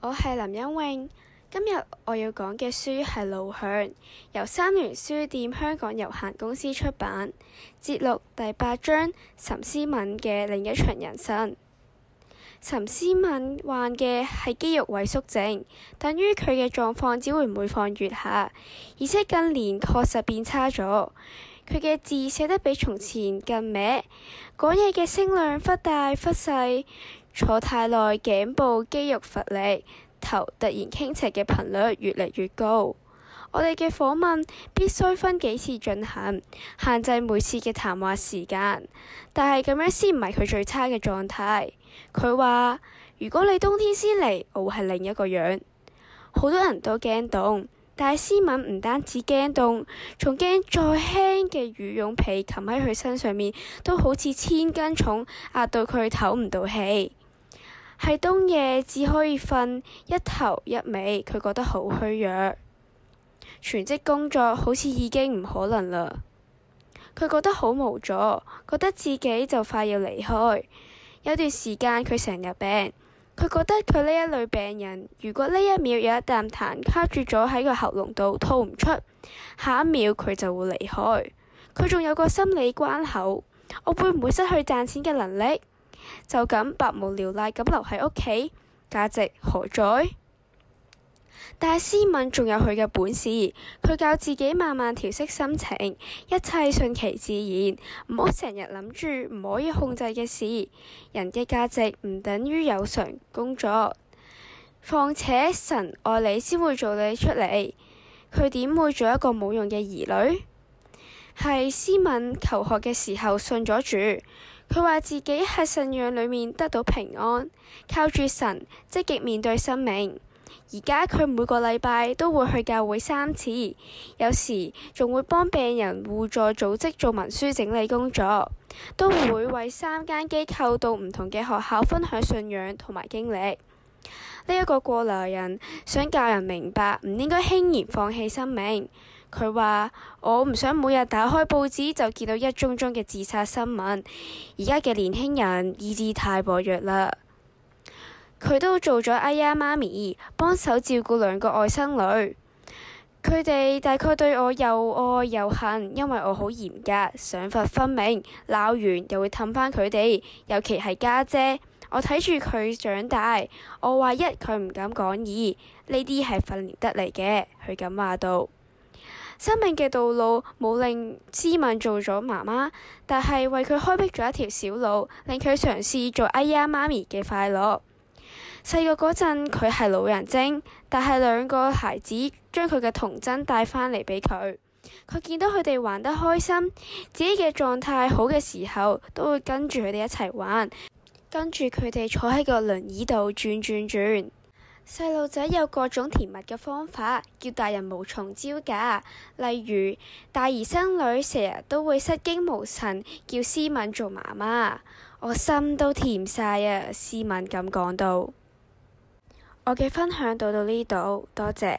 我係林欣泳，今日我要講嘅書係《路向》，由三聯書店香港有限公司出版，節錄第八章。岑詩敏嘅另一場人生。岑詩敏患嘅係肌肉萎縮症，等於佢嘅狀況只會每況愈下，而且近年確實變差咗。佢嘅字寫得比從前更歪，講嘢嘅聲量忽大忽細。坐太耐，頸部肌肉乏力，頭突然傾斜嘅頻率越嚟越高。我哋嘅訪問必須分幾次進行，限制每次嘅談話時間，但係咁樣先唔係佢最差嘅狀態。佢話：如果你冬天先嚟，我會係另一個樣。好多人都驚凍，但係詩敏唔單止驚凍，仲驚再輕嘅羽絨被冚喺佢身上面，都好似千斤重壓到佢唞唔到氣。喺冬夜，只可以瞓一頭一尾，佢覺得好虛弱。全職工作好似已經唔可能啦，佢覺得好無助，覺得自己就快要離開。有段時間佢成日病，佢覺得佢呢一類病人，如果呢一秒有一啖痰卡住咗喺個喉嚨度，吐唔出，下一秒佢就會離開。佢仲有個心理關口，我會唔會失去賺錢嘅能力？就咁百無聊賴咁留喺屋企，價值何在？但係詩敏，仲有佢嘅本事，佢教自己慢慢調適心情，一切順其自然，唔好成日諗住唔可以控制嘅事。人嘅價值唔等於有償工作，況且神愛你先會做你出嚟，佢點會做一個冇用嘅兒女？係詩敏求學嘅時候信咗主，佢話自己喺信仰裏面得到平安，靠住神積極面對生命。而家佢每個禮拜都會去教會三次，有時仲會幫病人互助組織做文書整理工作，都會為三間機構到唔同嘅學校分享信仰同埋經歷。呢、這、一個過來人想教人明白，唔應該輕易放棄生命。佢話：我唔想每日打開報紙就見到一宗宗嘅自殺新聞。而家嘅年輕人意志太薄弱啦。佢都做咗哎呀，媽咪幫手照顧兩個外甥女。佢哋大概對我又愛又恨，因為我好嚴格，賞罰分明，鬧完又會氹返佢哋。尤其係家姐，姐，我睇住佢長大，我話一佢唔敢講二，呢啲係訓練得嚟嘅。佢咁話道。生命嘅道路冇令詩敏做咗媽媽，但係為佢開闢咗一條小路，令佢嘗試做哎呀媽咪嘅快樂。細個嗰陣佢係老人精，但係兩個孩子將佢嘅童真帶返嚟俾佢，佢見到佢哋玩得開心，自己嘅狀態好嘅時候，都會跟住佢哋一齊玩，跟住佢哋坐喺個輪椅度轉轉轉。細路仔有各種甜蜜嘅方法，叫大人無從招架。例如，大兒生女成日都會失驚無神，叫詩敏做媽媽，我心都甜晒啊！詩敏咁講到，我嘅分享到到呢度，多謝。